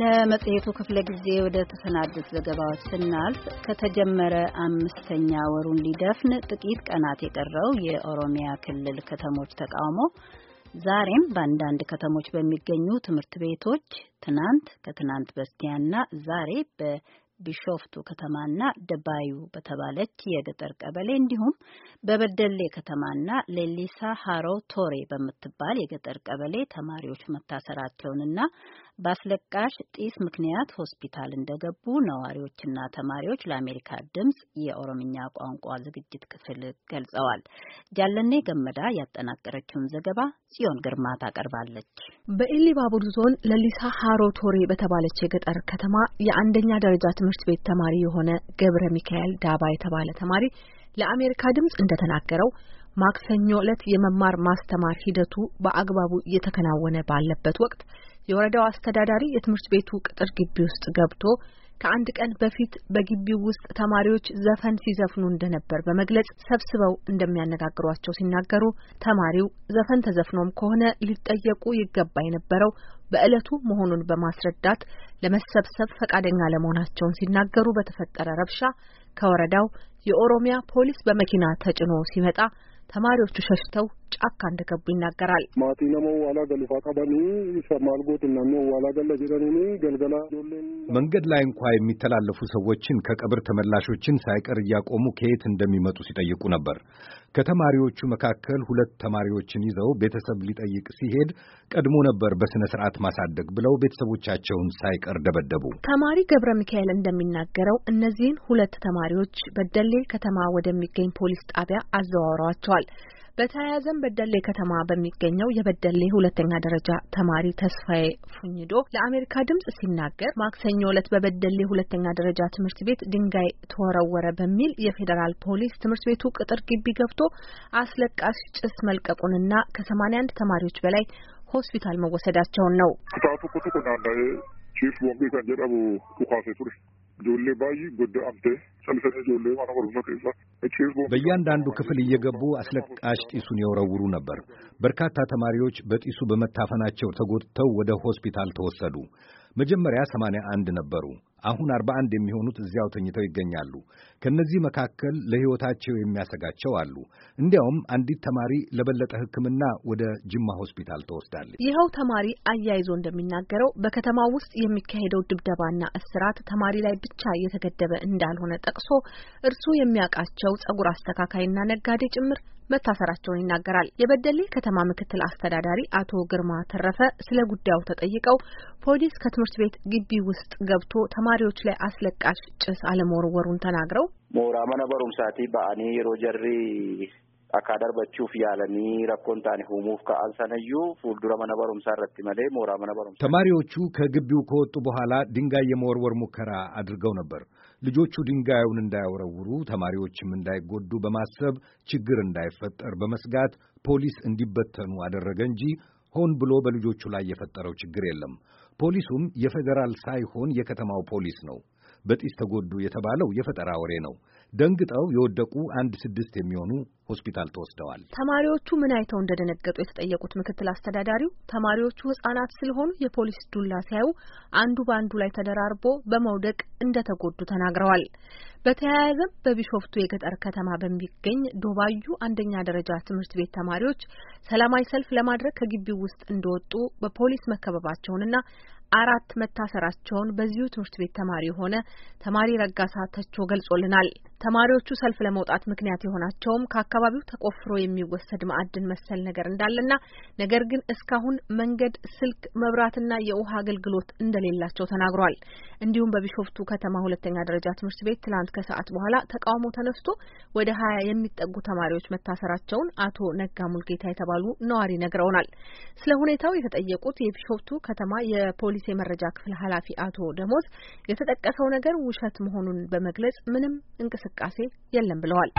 ለመጽሔቱ ክፍለ ጊዜ ወደ ተሰናዱት ዘገባዎች ስናልፍ ከተጀመረ አምስተኛ ወሩን ሊደፍን ጥቂት ቀናት የቀረው የኦሮሚያ ክልል ከተሞች ተቃውሞ ዛሬም በአንዳንድ ከተሞች በሚገኙ ትምህርት ቤቶች፣ ትናንት ከትናንት በስቲያና ዛሬ በቢሾፍቱ ከተማና ደባዩ በተባለች የገጠር ቀበሌ እንዲሁም በበደሌ ከተማና ሌሊሳ ሀሮ ቶሬ በምትባል የገጠር ቀበሌ ተማሪዎች መታሰራቸውንና በአስለቃሽ ጢስ ምክንያት ሆስፒታል እንደገቡ ነዋሪዎችና ተማሪዎች ለአሜሪካ ድምጽ የኦሮምኛ ቋንቋ ዝግጅት ክፍል ገልጸዋል። ጃለኔ ገመዳ ያጠናቀረችውን ዘገባ ጽዮን ግርማ ታቀርባለች። በኢሊባቡር ዞን ለሊሳ ሃሮ ቶሬ በተባለች የገጠር ከተማ የአንደኛ ደረጃ ትምህርት ቤት ተማሪ የሆነ ገብረ ሚካኤል ዳባ የተባለ ተማሪ ለአሜሪካ ድምፅ እንደተናገረው ማክሰኞ ዕለት የመማር ማስተማር ሂደቱ በአግባቡ እየተከናወነ ባለበት ወቅት የወረዳው አስተዳዳሪ የትምህርት ቤቱ ቅጥር ግቢ ውስጥ ገብቶ ከአንድ ቀን በፊት በግቢው ውስጥ ተማሪዎች ዘፈን ሲዘፍኑ እንደነበር በመግለጽ ሰብስበው እንደሚያነጋግሯቸው ሲናገሩ ተማሪው ዘፈን ተዘፍኖም ከሆነ ሊጠየቁ ይገባ የነበረው በዕለቱ መሆኑን በማስረዳት ለመሰብሰብ ፈቃደኛ ለመሆናቸውን ሲናገሩ በተፈጠረ ረብሻ ከወረዳው የኦሮሚያ ፖሊስ በመኪና ተጭኖ ሲመጣ ተማሪዎቹ ሸሽተው ጫካ እንደገቡ ይናገራል። መንገድ ላይ እንኳ የሚተላለፉ ሰዎችን ከቀብር ተመላሾችን ሳይቀር እያቆሙ ከየት እንደሚመጡ ሲጠይቁ ነበር። ከተማሪዎቹ መካከል ሁለት ተማሪዎችን ይዘው ቤተሰብ ሊጠይቅ ሲሄድ ቀድሞ ነበር በሥነ ሥርዓት ማሳደግ ብለው ቤተሰቦቻቸውን ሳይቀር ደበደቡ። ተማሪ ገብረ ሚካኤል እንደሚናገረው እነዚህን ሁለት ተማሪዎች በደሌ ከተማ ወደሚገኝ ፖሊስ ጣቢያ አዘዋውረዋቸዋል። በተያያዘም በደሌ ከተማ በሚገኘው የበደሌ ሁለተኛ ደረጃ ተማሪ ተስፋዬ ፉኝዶ ለአሜሪካ ድምጽ ሲናገር ማክሰኞ ለት በበደሌ ሁለተኛ ደረጃ ትምህርት ቤት ድንጋይ ተወረወረ በሚል የፌዴራል ፖሊስ ትምህርት ቤቱ ቅጥር ግቢ ገብቶ አስለቃሽ ጭስ መልቀቁንና ከሰማንያ አንድ ተማሪዎች በላይ ሆስፒታል መወሰዳቸውን ነው። በእያንዳንዱ ክፍል እየገቡ አስለቃሽ ጢሱን የወረውሩ ነበር። በርካታ ተማሪዎች በጢሱ በመታፈናቸው ተጎድተው ወደ ሆስፒታል ተወሰዱ። መጀመሪያ ሰማንያ አንድ ነበሩ። አሁን አርባ የሚሆኑት እዚያው ተኝተው ይገኛሉ። ከነዚህ መካከል ለሕይወታቸው የሚያሰጋቸው አሉ። እንዲያውም አንዲት ተማሪ ለበለጠ ሕክምና ወደ ጅማ ሆስፒታል ተወስዳለች። ይኸው ተማሪ አያይዞ እንደሚናገረው በከተማው ውስጥ የሚካሄደው ድብደባና እስራት ተማሪ ላይ ብቻ የተገደበ እንዳልሆነ ጠቅሶ እርሱ የሚያውቃቸው ጸጉር አስተካካይና ነጋዴ ጭምር መታሰራቸውን ይናገራል። የበደሌ ከተማ ምክትል አስተዳዳሪ አቶ ግርማ ተረፈ ስለ ጉዳዩ ተጠይቀው ፖሊስ ከትምህርት ቤት ግቢ ውስጥ ገብቶ ተማሪዎች ላይ አስለቃሽ ጭስ አለመወርወሩን ተናግረው ሞራ መነበሩም ሳቲ በአኒ ሮጀሪ akka darbachuuf yaalanii rakkoon taane uumuuf ka'an sanayyuu fuuldura mana barumsaa irratti malee mooraa mana barumsaa ተማሪዎቹ ከግቢው ከወጡ በኋላ ድንጋይ የመወርወር ሙከራ አድርገው ነበር። ልጆቹ ድንጋዩን እንዳያወረውሩ ተማሪዎችም እንዳይጎዱ በማሰብ ችግር እንዳይፈጠር በመስጋት ፖሊስ እንዲበተኑ አደረገ እንጂ ሆን ብሎ በልጆቹ ላይ የፈጠረው ችግር የለም። ፖሊሱም የፌዴራል ሳይሆን የከተማው ፖሊስ ነው። በጢስ ተጎዱ የተባለው የፈጠራ ወሬ ነው። ደንግጠው የወደቁ አንድ ስድስት የሚሆኑ ሆስፒታል ተወስደዋል። ተማሪዎቹ ምን አይተው እንደደነገጡ የተጠየቁት ምክትል አስተዳዳሪው ተማሪዎቹ ሕጻናት ስለሆኑ የፖሊስ ዱላ ሲያዩ አንዱ በአንዱ ላይ ተደራርቦ በመውደቅ እንደተጎዱ ተናግረዋል። በተያያዘም በቢሾፍቱ የገጠር ከተማ በሚገኝ ዶባዩ አንደኛ ደረጃ ትምህርት ቤት ተማሪዎች ሰላማዊ ሰልፍ ለማድረግ ከግቢው ውስጥ እንደወጡ በፖሊስ መከበባቸውንና አራት መታሰራቸውን በዚሁ ትምህርት ቤት ተማሪ የሆነ ተማሪ ረጋሳ ተቾ ገልጾልናል። ተማሪዎቹ ሰልፍ ለመውጣት ምክንያት የሆናቸውም ከአካባቢው ተቆፍሮ የሚወሰድ ማዕድን መሰል ነገር እንዳለና ነገር ግን እስካሁን መንገድ፣ ስልክ፣ መብራትና የውሃ አገልግሎት እንደሌላቸው ተናግሯል። እንዲሁም በቢሾፍቱ ከተማ ሁለተኛ ደረጃ ትምህርት ቤት ትላንት ከሰዓት በኋላ ተቃውሞ ተነስቶ ወደ ሀያ የሚጠጉ ተማሪዎች መታሰራቸውን አቶ ነጋ ሙልጌታ የተባሉ ነዋሪ ነግረውናል። ስለ ሁኔታው የተጠየቁት የቢሾፍቱ ከተማ የፖሊስ የፖሊስ የመረጃ ክፍል ኃላፊ አቶ ደሞዝ የተጠቀሰው ነገር ውሸት መሆኑን በመግለጽ ምንም እንቅስቃሴ የለም ብለዋል።